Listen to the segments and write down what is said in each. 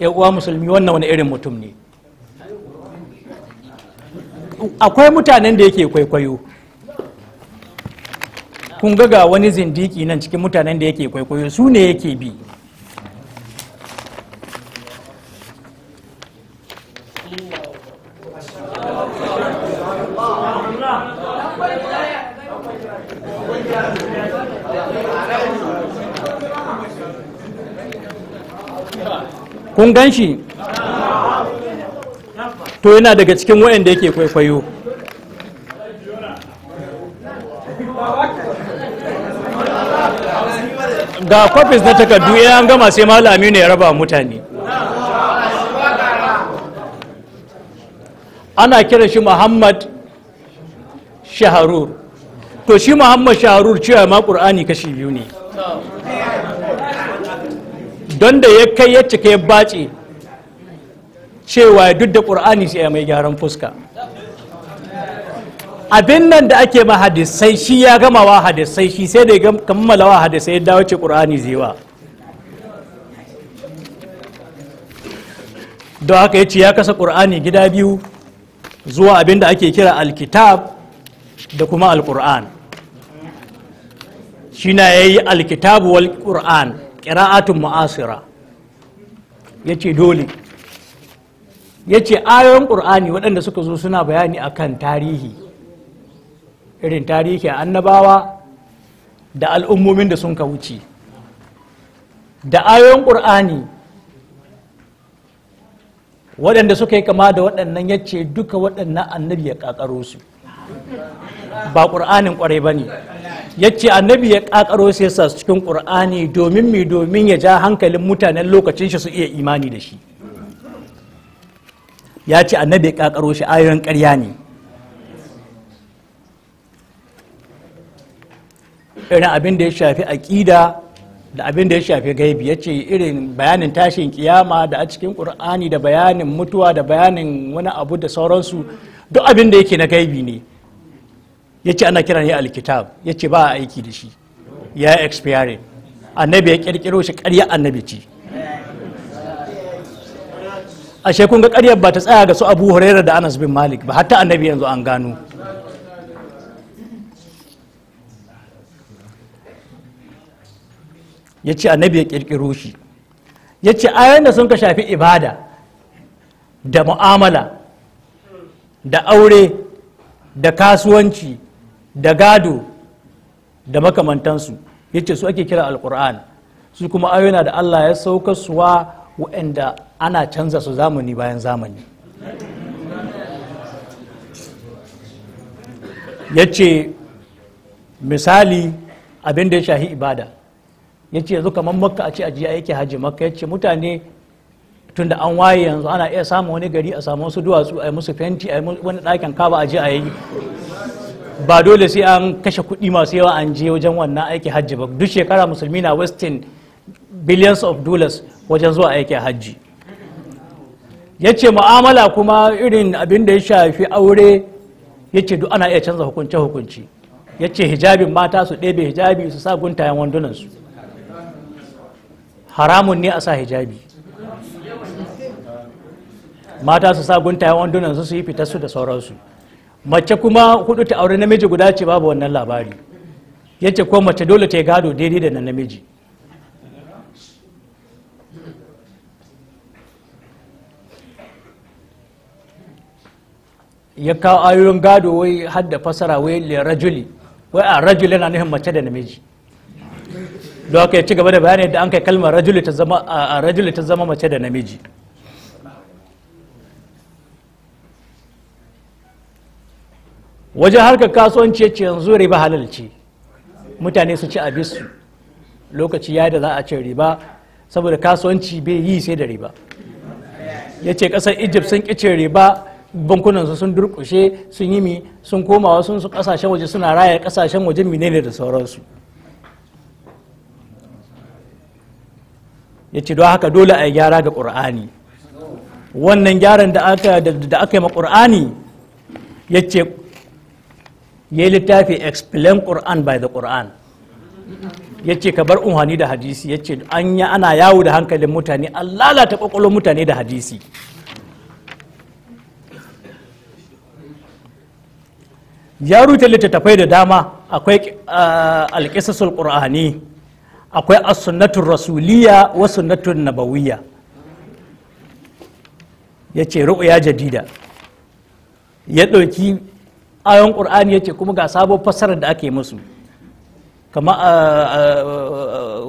uwa musulmi wannan wani irin mutum ne akwai mutanen da yake kwaikwayo kun ga wani zindiki nan cikin mutanen da yake kwaikwayo su ne yake bi kun gan shi to yana daga cikin wayanda yake kwaikwayo ga kwafis na takardu ina an gama sai malami ne ya raba mutane ana kiran shi muhammad shaharur to shi muhammad shaharur cewa ma ƙur'ani kashi biyu ne don da ya kai ya cika ya bace cewa duk da ƙur'ani sai ya mai gyaran fuska abin nan da ake ma hadisai shi ya gama wa hadisai shi sai da ya kammala wa hadisai ya dawo ce ƙur'ani zewa don haka ya ce ya kasa ƙur'ani gida biyu zuwa abin da ake kira alkitab da kuma Alkur'an shi na ya yi alkitabu wal ƙur'an ƙira'atun mu'asira ya ce dole ya ce ayoyin ƙur'ani waɗanda suka zo suna bayani akan tarihi irin tarihi a annabawa da al'ummomin da sun ka wuce da ayoyin ƙur'ani waɗanda suka yi kama da waɗannan ya ce duka waɗannan annabi ya ƙaƙaro su ba ƙur'anin ƙwarai ba ne ya ce annabi ya ƙaƙaro sai sa cikin ƙur'ani domin mi domin ya ja hankalin mutanen lokacin shi su iya imani da shi ya ce annabi ya ƙaƙaro shi ayoyin ƙarya ne irin abin da ya shafi aƙida da abin da ya shafi gaibi ya ce irin bayanin tashin kiyama da a cikin ƙur'ani da bayanin mutuwa da bayanin wani abu da sauransu duk abin da yake na gaibi ne ya ce ana kira ne alkitab ya ce ba a aiki da shi ya expire annabi ya kirkiro shi karya annabi ce a kun ga karyar ba ta tsaya ga su abu huraira da anas bin malik ba hatta annabi yanzu an gano ya ce annabi ya kirkiro shi ya ce da sun ka shafi ibada da mu'amala da aure da kasuwanci da gado da makamantansu ya ce su ake kira alkur'an su kuma ayoyina da Allah ya sauka suwa waɗanda ana canza su zamani bayan zamani ya ce misali abin da ya shahi ibada ce yanzu kamar makka a ce ajiya yake haji makka ce mutane tun da an waye yanzu ana iya samun wani gari a samu wasu duwatsu a yi musu fenti a yi wani ɗakin kaba a ji a yi ba dole sai an kashe kuɗi masu yawa an je wajen wannan aiki hajji ba duk shekara musulmi na wasting billions of dollars wajen zuwa aiki hajji ya ce mu'amala kuma irin abin da ya shafi aure ya ce duk ana iya canza hukunce hukunci ya ce hijabin mata su ɗebe hijabi su sa guntayen wandunansu haramun ne a sa hijabi mata su sa guntayen wandunansu su yi fitarsu da sauransu mace kuma hudu ta aure namiji guda ce babu wannan labari yace ko mace dole ta yi gado daidai da nan namiji ya kawo ayoyin gado wai har da fasara wai le rajuli wai a rajuli na nufin mace da namiji don haka ya ci gaba da bayani da an kai kalmar rajuli ta zama mace da namiji wajen harkar kasuwanci ce yanzu riba halal ce mutane su ci abisu lokaci ya da za a ce riba saboda kasuwanci bai yi sai da riba ya ce ƙasar egypt sun kice riba bankunan sun durƙushe sun yi mi sun koma wasu su ƙasashen waje suna raya kasashen waje menene da sauransu ya ce don haka dole a yi gyara ga ƙur'ani wannan gyaran da aka yi ma ƙur'ani ya ce ya yi littafi explain Quran by the Quran ya ce ka bar unhani da hadisi ya ce an yi ana yawo da hankalin mutane an lalata kwakwalwar mutane da hadisi ya rute littattafai da dama akwai uh, alƙisasul ƙur'ani akwai as rasuliya wa sunnatun nabawiyya ya ce ya jadida ya ɗauki ayon qur'ani yace kuma ga sabon fassarar da ake musu kama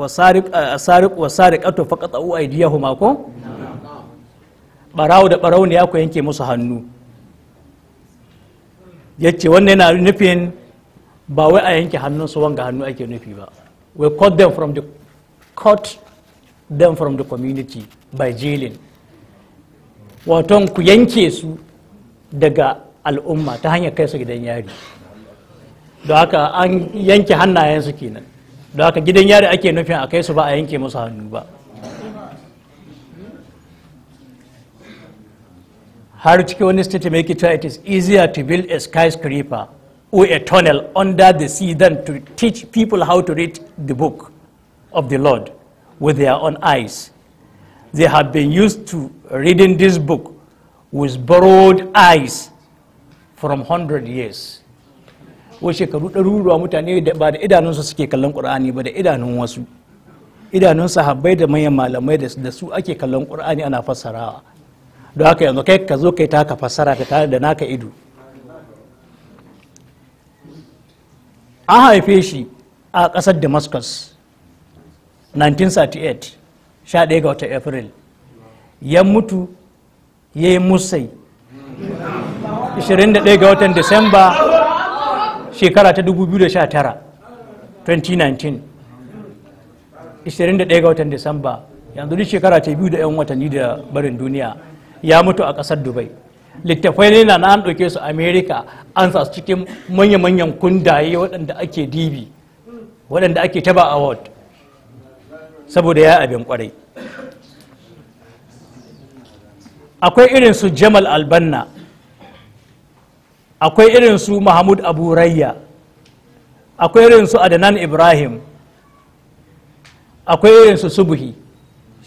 wasariq asariq wasariqatu faqatu aydiyahuma ko barawo da Ɓarawo ne ya ku yanke musu hannu yace wannan yana nufin ba wai a yanke hannun su wanga hannu ake nufi ba we cut them from the cut them from the community by jailing waton ku yanke su daga al'umma ta hanyar kai su gidan yari don haka an yanke hannayensu kenan don haka gidan yari ake nufin a kai su ba a yanke musu hannu ba har cikin wani state make it is easier to build a skyscraper or a tunnel under the sea than to teach people how to read the book of the Lord with their own eyes. They have been used to reading this book with borrowed eyes from 100 years wai shekaru ɗaruruwa mutane ba da idanunsu suke kallon ƙur'ani ba da idanun wasu idanun sahabbai da manyan malamai da su ake kallon ƙur'ani ana fassarawa don haka yanzu kai ka zo kai ta ka fassara ta tare da naka ido an haife shi a ƙasar damascus 1938 11 ga watan april ya mutu ya yi musai 21 ga watan disamba shekara ta 2019 21 ga watan disamba yanzu duk shekara ta biyu da 'yan watanni da barin duniya ya mutu a kasar dubai littafai ne na an ɗauke su america an sa su cikin manya-manyan kundaye waɗanda ake dibi waɗanda ake taba award saboda ya abin kwarai akwai irin su jamal albanna akwai irin su mahmud abu rayya akwai irin su adnan ibrahim akwai irin su subhi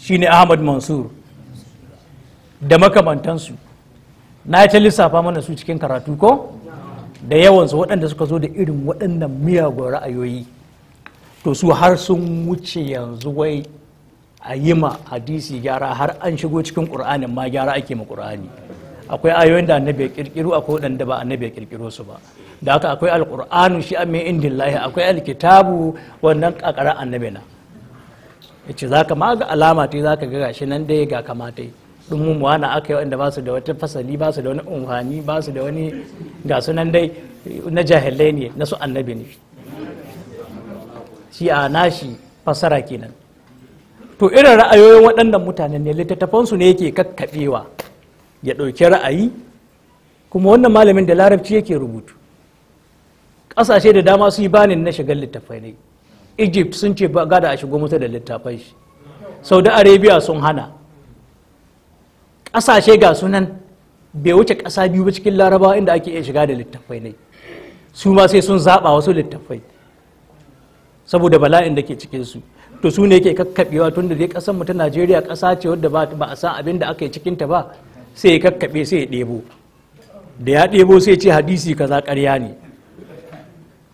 shine ahmad mansur da makamantansu na ta lissafa mana su cikin karatu ko da yawansu waɗanda suka zo da irin waɗannan miyagun ra'ayoyi to su har sun wuce yanzu wai a yi ma hadisi gyara har an shigo cikin ƙur'anin ma gyara ake ma ƙur'ani akwai ayoyin da annabi ya kirkiro akwai wadanda ba annabi ya kirkiro su ba da haka akwai alqur'anu shi amma indin lahi akwai alkitabu wannan kakara annabi na yace zaka ma ga alama ta zaka ga gashi nan dai ga kamata dumum wana aka yi wanda ba su da wata fasali ba su da wani umhani ba su da wani ga sunan dai na jahilai ne na su annabi ne shi a nashi fasara kenan to irin ra'ayoyin waɗannan mutanen ne littattafansu ne yake kakkaɓewa ya ɗauki ra'ayi kuma wannan malamin da larabci yake rubutu ƙasashe da dama su yi banin na shigar littafai ne egypt sun ce ba gada a shigo musu da littafai shi saudi arabia sun hana ƙasashe ga sunan bai wuce ƙasa biyu ba cikin larabawa inda ake iya shiga da littafai ne su ma sai sun zaɓa wasu littafai saboda bala'in da ke cikinsu to su ne ke kakkaɓewa tun da dai ƙasar mu ta najeriya ƙasa ce wadda ba a san abin da aka yi cikinta ba sai ya kakkaɓe sai ya ɗebo da ya ɗebo sai ce hadisi kaza ƙarya ne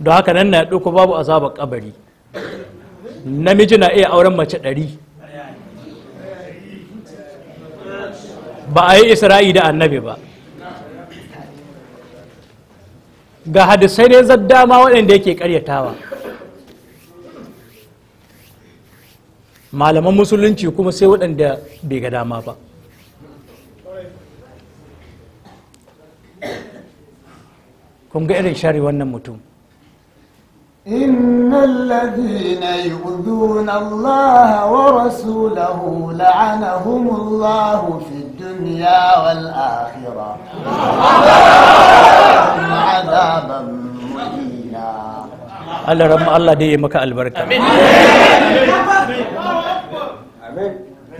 don haka nan na ɗauko babu azabar ƙabari namiji na iya auren mace ɗari ba a yi isra'i da annabi ba ga hadisai ne dama waɗanda yake ƙaryatawa malaman musulunci kuma sai waɗanda bai ga dama ba kun ga irin shari wannan mutum. in lalzina yi uzu na Allah wa Rasulahu la'ana humu Allah fi duniya wal'ahira. Allah ya ramu Allah dai yi maka albarka.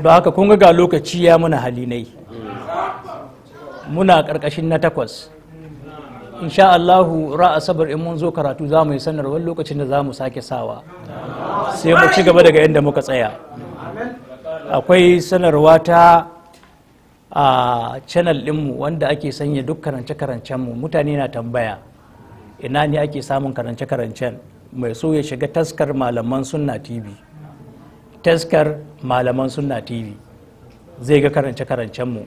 Ba haka kunga ga lokaci ya muna halinai. Muna ƙarƙashin na takwas. insha Allahu ra'a sabar in mun zo karatu za mu yi sanarwar lokacin da za mu sake sawa sai mu ci gaba daga yadda muka tsaya akwai sanarwa ta a channel dinmu wanda ake sanya duk karance karancen mu mutane na tambaya ina ne ake samun karance-karancen mai so ya shiga taskar malaman sunna tv taskar malaman sunna tv zai ga karance karancen mu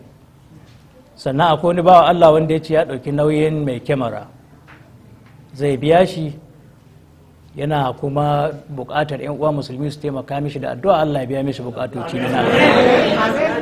sannan akwai wani bawa Allah wanda ya ce ya ɗauki nauyin mai kyamara zai biya shi yana kuma buƙatar 'yan uwa musulmi su taimaka mishi da addu'a Allah ya biya mishi buƙatoci na